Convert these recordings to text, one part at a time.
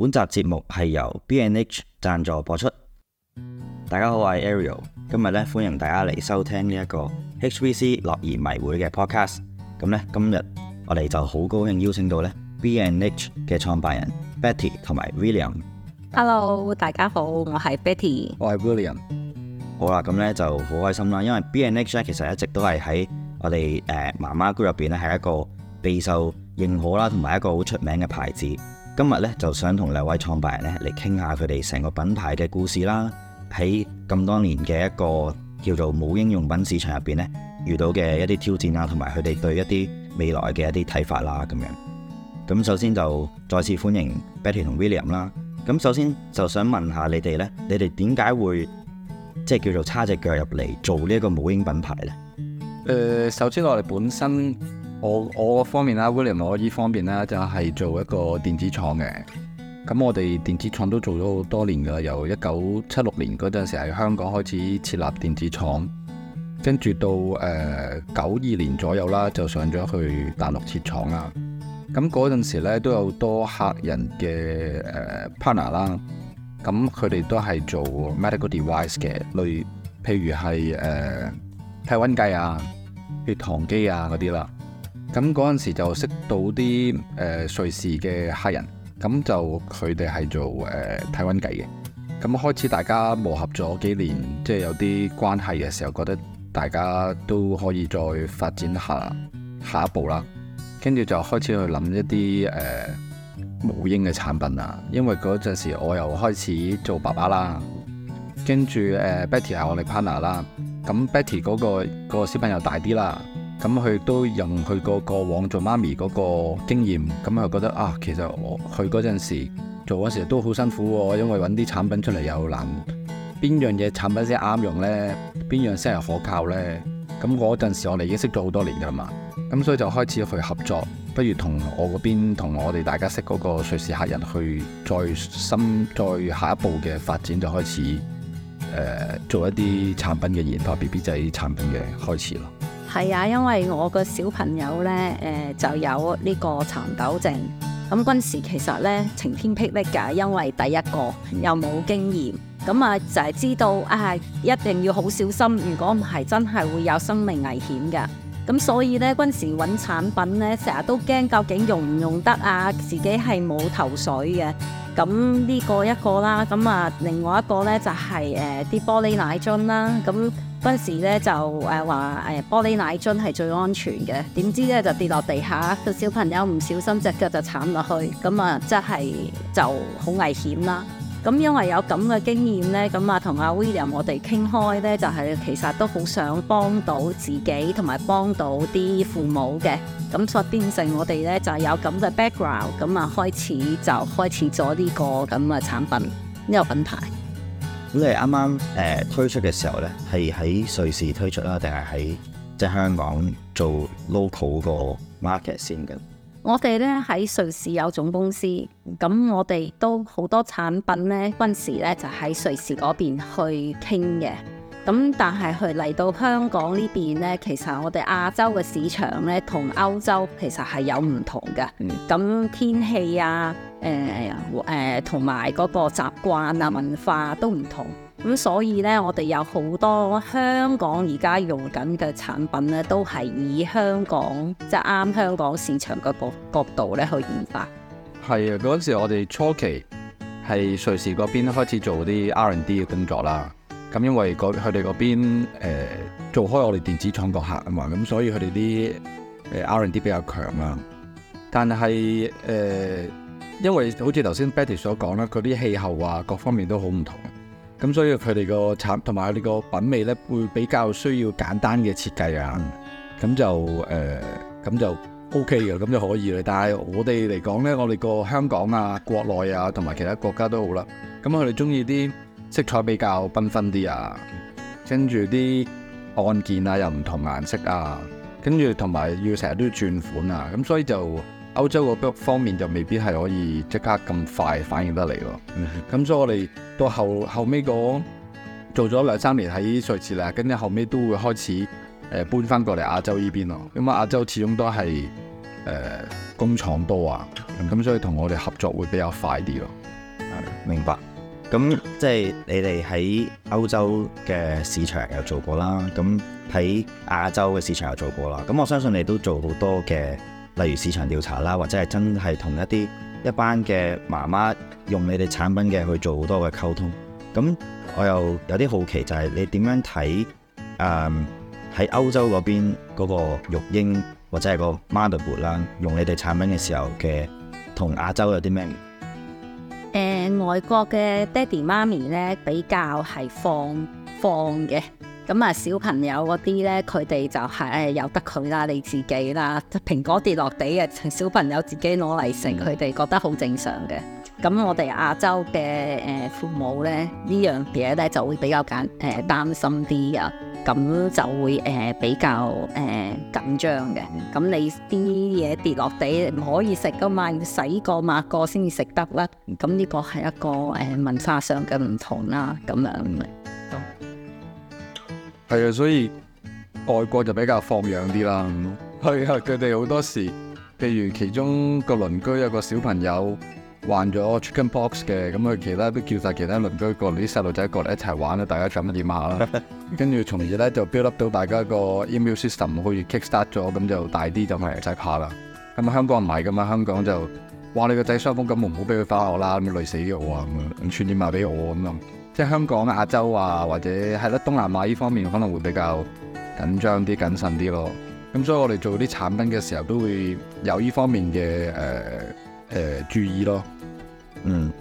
本集節目係由 B&H 贊助播出。大家好，我係 Ariel，今日咧歡迎大家嚟收聽呢一個 HPC 樂兒迷會嘅 podcast。咁咧今日我哋就好高興邀請到咧 B&H 嘅創辦人 Betty 同埋 William。Hello，大家好，我係 Betty，我係、oh, William 好。好啦，咁咧就好開心啦，因為 B&H 咧其實一直都係喺我哋誒、呃、媽媽 group 入邊咧係一個備受認可啦，同埋一個好出名嘅牌子。今日咧就想同兩位創辦人咧嚟傾下佢哋成個品牌嘅故事啦，喺咁多年嘅一個叫做母嬰用品市場入邊咧遇到嘅一啲挑戰啦，同埋佢哋對一啲未來嘅一啲睇法啦咁樣。咁首先就再次歡迎 Betty 同 William 啦。咁首先就想問下你哋咧，你哋點解會即係、就是、叫做叉隻腳入嚟做呢一個母嬰品牌咧？誒、呃，首先我哋本身。我我方面啦，William，我依方面咧就係、是、做一個電子廠嘅。咁我哋電子廠都做咗好多年噶，由一九七六年嗰陣時喺香港開始設立電子廠，跟住到誒九二年左右啦，就上咗去大陸設廠啦。咁嗰陣時咧都有多客人嘅誒、呃、partner 啦，咁佢哋都係做 medical device 嘅，例如譬如係誒、呃、體溫計啊、血糖機啊嗰啲啦。咁嗰陣時就識到啲、呃、瑞士嘅客人，咁就佢哋係做誒、呃、體溫計嘅。咁開始大家磨合咗幾年，即、就、係、是、有啲關係嘅時候，覺得大家都可以再發展下下一步啦。跟住就開始去諗一啲誒母嬰嘅產品啦。因為嗰陣時我又開始做爸爸啦，跟住、呃、Betty 係我哋 partner 啦。咁 Betty 嗰、嗰個嗰個小朋友大啲啦。咁佢都用佢個過往做媽咪嗰個經驗，咁又覺得啊，其實我去嗰陣時做嗰時都好辛苦喎、哦，因為揾啲產品出嚟又難，邊樣嘢產品先啱用呢？邊樣先係可靠呢？咁嗰陣時我哋已經識咗好多年㗎喇嘛，咁所以就開始去合作，不如同我嗰邊同我哋大家識嗰個瑞士客人去再深再下一步嘅發展，就開始誒、呃、做一啲產品嘅研發，B B 仔產品嘅開始咯。係啊，因為我個小朋友呢誒、呃、就有呢個蠶豆症。咁、嗯、陣時其實呢晴天霹靂噶，因為第一個又冇經驗，咁啊就係知道啊、哎，一定要好小心，如果唔係真係會有生命危險噶。咁、嗯、所以呢，陣時揾產品呢，成日都驚究竟用唔用得啊？自己係冇頭緒嘅。咁、嗯、呢、這個一個啦，咁、嗯、啊另外一個呢、就是，就係誒啲玻璃奶樽啦，咁、嗯。嗰陣時咧就誒話誒玻璃奶樽係最安全嘅，點知咧就跌落地下，個小朋友唔小心隻腳就鏟落去，咁啊即係就好危險啦。咁因為有咁嘅經驗咧，咁啊同阿 William 我哋傾開咧，就係、是、其實都好想幫到自己同埋幫到啲父母嘅，咁所以變成我哋咧就有咁嘅 background，咁啊開始就開始咗呢個咁嘅產品呢、這個品牌。咁你啱啱誒推出嘅時候呢，係喺瑞士推出啦，定係喺即係香港做 local 個 market 先嘅？我哋呢喺瑞士有總公司，咁我哋都好多產品呢陣時呢就喺瑞士嗰邊去傾嘅。咁但係佢嚟到香港呢邊呢，其實我哋亞洲嘅市場呢，同歐洲其實係有唔同嘅。咁、嗯、天氣啊～誒、呃、誒，同埋嗰個習慣啊、文化都唔同，咁所以呢，我哋有好多香港而家用緊嘅產品呢，都係以香港即係啱香港市場個角度呢去研發。係啊，嗰陣時我哋初期係瑞士嗰邊開始做啲 R&D 嘅工作啦。咁因為佢哋嗰邊誒做開我哋電子廠個客啊嘛，咁所以佢哋啲誒 R&D 比較強啊。但係誒，呃因為好似頭先 Betty 所講啦，佢啲氣候啊，各方面都好唔同，咁所以佢哋個產同埋你個品味呢會比較需要簡單嘅設計啊，咁就誒，咁、呃、就 OK 嘅，咁就可以咧。但係我哋嚟講呢，我哋個香港啊、國內啊，同埋其他國家都好啦，咁佢哋中意啲色彩比較繽紛啲啊，跟住啲按鍵啊又唔同顏色啊，跟住同埋要成日都要轉款啊，咁所以就。歐洲個方方面就未必係可以即刻咁快反應得嚟咯，咁 所以我哋到後後尾做咗兩三年喺瑞士啦，跟住後尾都會開始誒、呃、搬翻過嚟亞洲呢邊咯。咁啊亞洲始終都係誒、呃、工廠多啊，咁所以同我哋合作會比較快啲咯。明白。咁即係你哋喺歐洲嘅市場有做過啦，咁喺亞洲嘅市場又做過啦，咁我相信你都做好多嘅。例如市場調查啦，或者係真係同一啲一班嘅媽媽用你哋產品嘅去做好多嘅溝通。咁我又有啲好奇就，就係你點樣睇？誒喺歐洲嗰邊嗰個育嬰或者係個 motherhood 啦，用你哋產品嘅時候嘅，同亞洲有啲咩唔？誒外國嘅爹哋媽咪呢，比較係放放嘅。咁啊，小朋友嗰啲咧，佢哋就係誒由得佢啦，你自己啦，蘋果跌落地啊，小朋友自己攞嚟食，佢哋覺得好正常嘅。咁我哋亞洲嘅誒、呃、父母咧，這呢樣嘢咧就會比較緊誒、呃、擔心啲啊，咁就會誒、呃、比較誒、呃、緊張嘅。咁你啲嘢跌落地唔可以食噶嘛，要洗過抹過先至食得啦。咁、啊、呢個係一個誒、呃、文化上嘅唔同啦，咁、啊、樣。係啊，所以外國就比較放養啲啦。係啊，佢哋好多時，譬如其中個鄰居有個小朋友患咗 Chickenpox 嘅，咁佢其他都叫晒其他鄰居的過嚟啲細路仔過嚟一齊玩咧，大家咁點啊？跟住從而咧就 build up 到大家個 immune system 好似 kick start 咗，咁就大啲就唔使怕啦。咁香港唔係噶嘛，香港就哇你個仔傷風咁，唔好俾佢返學啦，咁咪累死我啊！唔串點賣俾我咁啊？即係香港、亞洲啊，或者喺得東南亞呢方面，可能會比較緊張啲、謹慎啲咯。咁所以我哋做啲產品嘅時候，都會有呢方面嘅誒誒注意咯。嗯，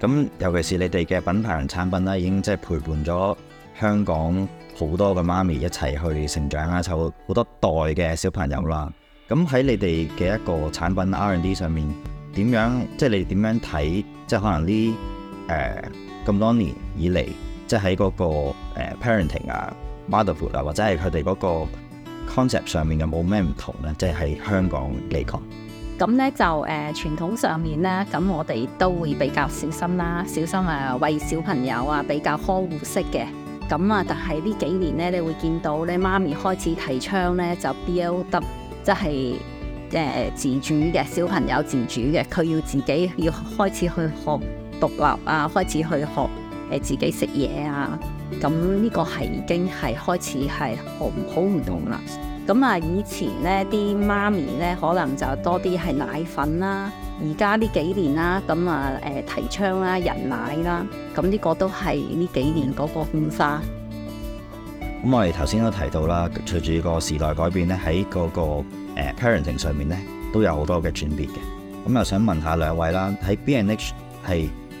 咁尤其是你哋嘅品牌產品啦，已經即係陪伴咗香港好多嘅媽咪一齊去成長啦，湊好多代嘅小朋友啦。咁喺你哋嘅一個產品 R&D 上面，點樣即係你哋點樣睇？即係可能呢。誒、呃。咁多年以嚟，即係喺嗰個 parenting 啊、motherhood 啊，或者係佢哋嗰個 concept 上面嘅冇咩唔同咧？即係喺香港嚟講，咁咧就誒傳、呃、統上面咧，咁我哋都會比較小心啦，小心啊，為小朋友啊，比較呵護式嘅。咁啊，但係呢幾年咧，你會見到咧，媽咪開始提倡咧，就 BLW，即係誒自主嘅小朋友自主嘅，佢要自己要開始去學。獨立啊，開始去學誒自己食嘢啊，咁呢個係已經係開始係好好唔同啦。咁啊，以前呢啲媽咪呢，可能就多啲係奶粉啦，而家呢幾年啦，咁啊誒提倡啦人奶啦，咁呢個都係呢幾年嗰個變化。咁我哋頭先都提到啦，隨住個時代改變呢，喺嗰個誒 parenting 上面呢，都有好多嘅轉變嘅。咁又想問下兩位啦，喺 b&h 係。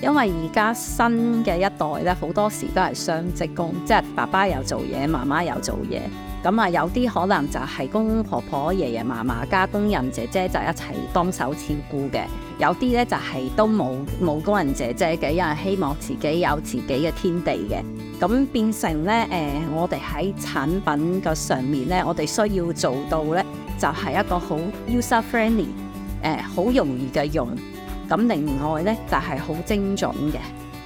因為而家新嘅一代咧，好多時都係雙職工，即係爸爸又做嘢，媽媽又做嘢。咁啊，有啲可能就係公公婆婆、爺爺嫲嫲加工人姐姐就一齊幫手照顧嘅。有啲咧就係都冇冇工人姐姐嘅，因為希望自己有自己嘅天地嘅。咁變成咧，誒、呃，我哋喺產品嘅上面咧，我哋需要做到咧，就係一個好 user friendly，誒、呃，好容易嘅用。咁另外呢就係、是、好精準嘅，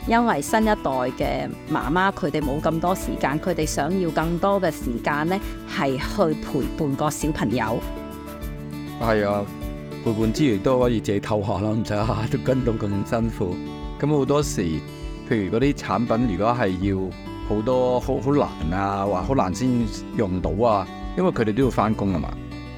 因為新一代嘅媽媽佢哋冇咁多時間，佢哋想要更多嘅時間呢，係去陪伴個小朋友。係啊，陪伴之餘都可以借透下啦，唔使都跟到咁辛苦。咁好多時，譬如嗰啲產品如果係要好多好好難啊，話好難先用到啊，因為佢哋都要返工啊嘛。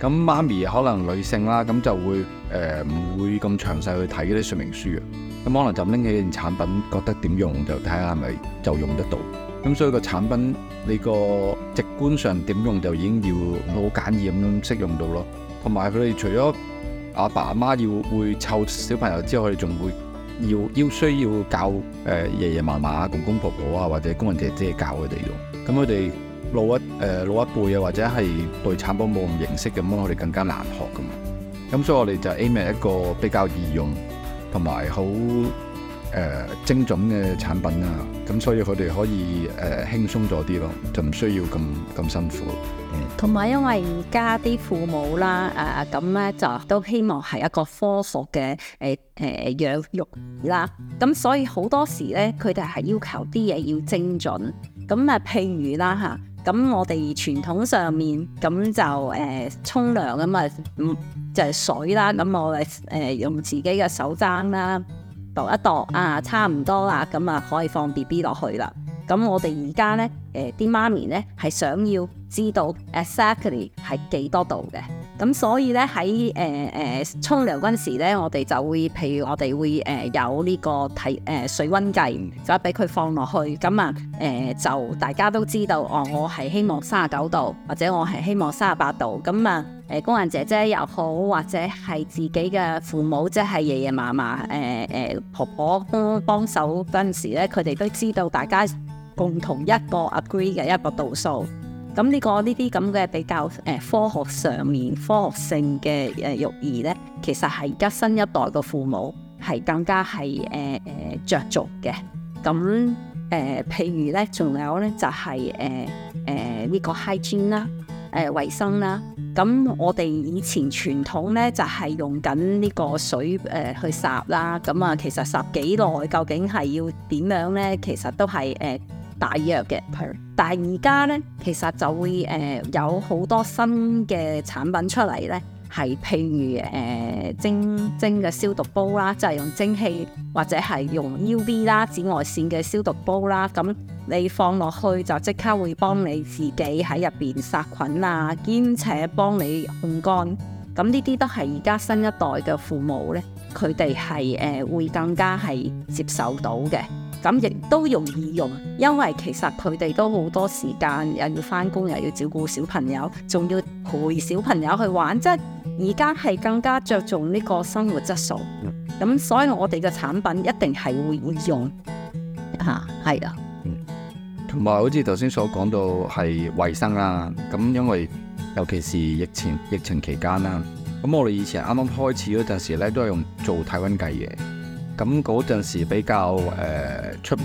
咁媽咪可能女性啦，咁就會誒唔、呃、會咁詳細去睇嗰啲說明書嘅，咁可能就拎起件產品覺得點用就睇下係咪就用得到，咁所以個產品你個直觀上點用就已經要好簡易咁樣適用到咯，同埋佢哋除咗阿爸阿媽要會湊小朋友之後，佢哋仲會要要需要教誒爺爺嫲嫲、公公婆婆婆啊或者工人姐姐教佢哋用，咁佢哋。老一誒、呃、老一輩啊，或者係對產品冇咁認識嘅，咁我哋更加難學噶嘛。咁所以我哋就 Aim 一個比較易用同埋好誒精準嘅產品啦。咁所以佢哋可以誒、呃、輕鬆咗啲咯，就唔需要咁咁辛苦。同、嗯、埋因為而家啲父母啦誒咁咧，啊、就都希望係一個科學嘅誒誒養育啦。咁所以好多時咧，佢哋係要求啲嘢要精準。咁啊，譬如啦吓。咁我哋傳統上面咁就誒沖涼咁啊，嗯、呃、就係、是、水啦，咁我哋誒、呃、用自己嘅手踭啦，度一度啊，差唔多啦，咁啊可以放 BB 落去啦。咁我哋而家咧誒啲媽咪咧係想要知道 exactly 係幾多度嘅。咁所以咧喺誒誒沖涼嗰陣時咧，我哋就會譬如我哋會誒、呃、有呢個提誒、呃、水温計，就俾佢放落去。咁啊誒就大家都知道，哦，我係希望三十九度，或者我係希望三十八度。咁啊誒工人姐姐又好，或者係自己嘅父母，即係爺爺嫲嫲誒誒婆婆幫手嗰陣時咧，佢哋都知道大家共同一個 agree 嘅一個度數。咁呢、這個呢啲咁嘅比較誒、呃、科學上面科學性嘅誒、呃、育兒咧，其實係而家新一代嘅父母係更加係誒誒著重嘅。咁、呃、誒、呃、譬如咧，仲有咧就係誒誒呢個 hygiene 啦，誒、呃、衞生啦。咁我哋以前傳統咧就係、是、用緊呢個水誒、呃、去殺啦。咁啊，其實殺幾耐究竟係要點樣咧？其實都係誒。呃大約嘅，但係而家呢，其實就會誒、呃、有好多新嘅產品出嚟呢，係譬如誒、呃、蒸蒸嘅消毒煲啦，就係、是、用蒸汽或者係用 UV 啦、紫外線嘅消毒煲啦，咁你放落去就即刻會幫你自己喺入邊殺菌啊，兼且幫你烘乾。咁呢啲都係而家新一代嘅父母呢，佢哋係誒會更加係接受到嘅。咁亦都容易用，因為其實佢哋都好多時間又要返工，又要照顧小朋友，仲要陪小朋友去玩，即係而家係更加着重呢個生活質素。咁所以我哋嘅產品一定係會用啊，係啊，嗯，同埋好似頭先所講到係衛生啦，咁因為尤其是疫情疫情期間啦，咁我哋以前啱啱開始嗰陣時咧，都係用做體溫計嘅。咁嗰陣時比較誒出、呃、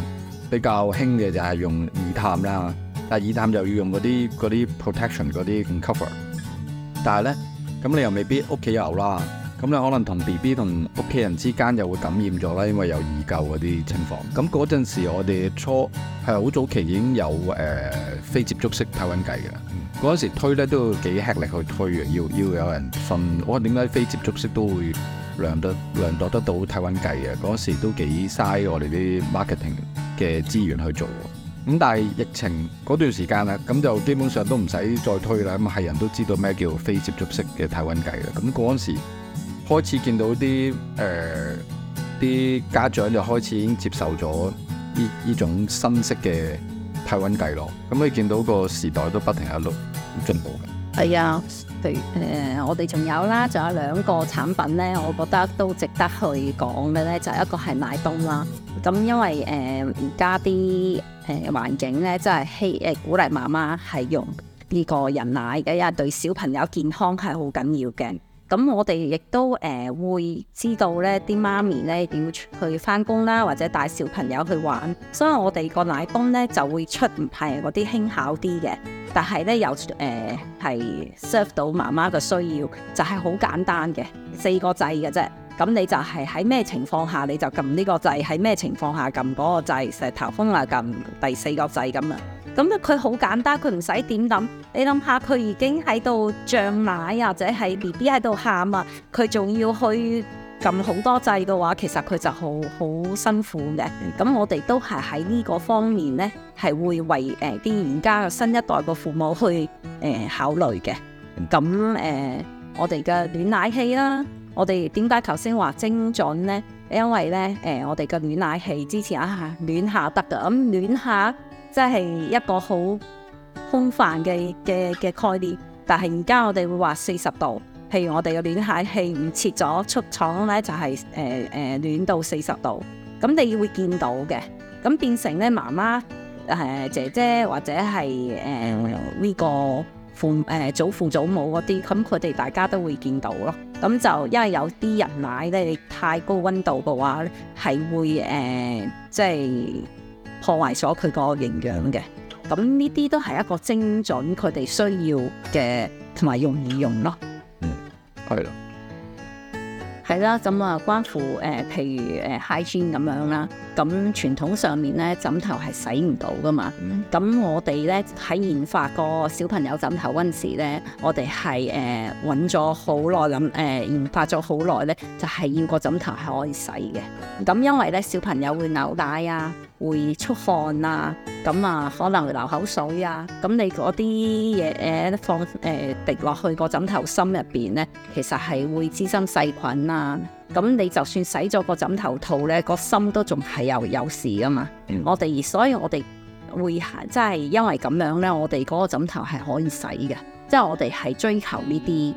比較興嘅就係用耳探啦，但係耳探就要用嗰啲嗰啲 protection 嗰啲 cover，但係咧咁你又未必屋企有啦，咁你可能同 BB 同屋企人之間又會感染咗啦，因為有耳垢嗰啲情況。咁嗰陣時我哋初係好早期已經有誒、呃、非接觸式體温計嘅，嗰、嗯、陣時推咧都要幾吃力去推嘅，要要有人信。哇，點解非接觸式都會？量得量度得到體温計嘅嗰陣時，都幾嘥我哋啲 marketing 嘅資源去做，咁但係疫情嗰段時間啦，咁就基本上都唔使再推啦。咁係人都知道咩叫非接觸式嘅體温計啦。咁嗰陣時開始見到啲誒啲家長就開始已經接受咗呢呢種新式嘅體温計咯。咁你見到個時代都不停喺度進步嘅。係啊、呃，我哋仲有啦，仲有兩個產品呢，我覺得都值得去講嘅呢就係、一個係奶泵啦。咁、嗯、因為而家啲環境呢，真係、呃、鼓勵媽媽係用呢個人奶，而家對小朋友健康係好緊要嘅。咁我哋亦都誒、呃、會知道咧，啲媽咪咧要去返工啦，或者帶小朋友去玩，所以我哋個奶泵咧就會出係嗰啲輕巧啲嘅，但係咧又誒係 serve 到媽媽嘅需要，就係、是、好簡單嘅四個掣嘅啫。咁你就係喺咩情況下你就撳呢個掣，喺咩情況下撳嗰個掣，石頭風啊撳第四個掣咁啊！咁佢好簡單，佢唔使點諗。你諗下，佢已經喺度漲奶，或者係 BB 喺度喊啊，佢仲要去撳好多掣嘅話，其實佢就好好辛苦嘅。咁我哋都係喺呢個方面呢，係會為誒啲而家嘅新一代嘅父母去誒、呃、考慮嘅。咁誒、呃，我哋嘅暖奶器啦，我哋點解頭先話精準呢？因為呢，誒、呃，我哋嘅暖奶器之前啊，暖下得㗎，咁暖下。即係一個好空泛嘅嘅嘅概念，但係而家我哋會話四十度，譬如我哋嘅暖奶器唔設咗出廠咧、就係，就係誒誒暖到四十度，咁你要會見到嘅，咁變成咧媽媽、誒、呃、姐姐或者係誒呢個父誒、呃、祖父祖母嗰啲，咁佢哋大家都會見到咯。咁就因為有啲人奶，咧太高溫度嘅話，係會誒、呃、即係。破壞咗佢個營養嘅，咁呢啲都係一個精準，佢哋需要嘅同埋容易用咯。嗯，係啦，係啦，咁啊，關乎誒、呃，譬如誒 hygiene 咁樣啦，咁傳統上面咧枕頭係洗唔到噶嘛。咁、嗯、我哋咧喺研發個小朋友枕頭嗰陣時咧，我哋係誒揾咗好耐諗誒研發咗好耐咧，就係要個枕頭係可以洗嘅。咁因為咧小朋友會嘔奶啊。會出汗啊，咁啊可能流口水啊，咁你嗰啲嘢誒放誒、呃、滴落去個枕頭心入邊咧，其實係會滋生細菌啊。咁你就算洗咗個枕頭套咧，個心都仲係有有事噶嘛。我哋所以我哋會即係因為咁樣咧，我哋嗰個枕頭係可以洗嘅，即係我哋係追求呢啲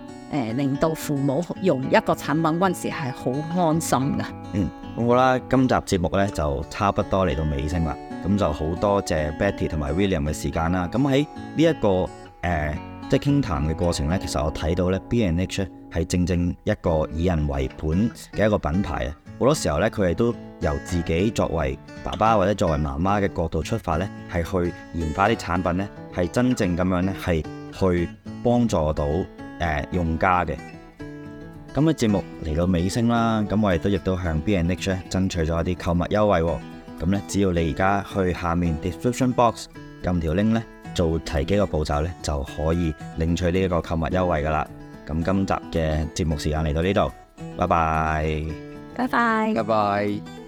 誒令到父母用一個產品嗰陣時係好安心嘅。嗯。咁好啦，今集節目呢就差不多嚟到尾聲啦。咁就好多謝 Betty 同埋 William 嘅時間啦。咁喺呢一個誒，即係傾談嘅過程呢，其實我睇到呢 B&H 係正正一個以人為本嘅一個品牌啊。好多時候呢，佢哋都由自己作為爸爸或者作為媽媽嘅角度出發呢係去研發啲產品呢係真正咁樣呢，係去幫助到誒、呃、用家嘅。咁咧，節目嚟到尾聲啦，咁我哋都亦都向 b&h 爭取咗一啲購物優惠喎。咁咧，只要你而家去下面 description box 撳條 link 咧，做提幾個步驟咧，就可以領取呢一個購物優惠噶啦。咁今集嘅節目時間嚟到呢度，拜拜，拜拜，拜拜。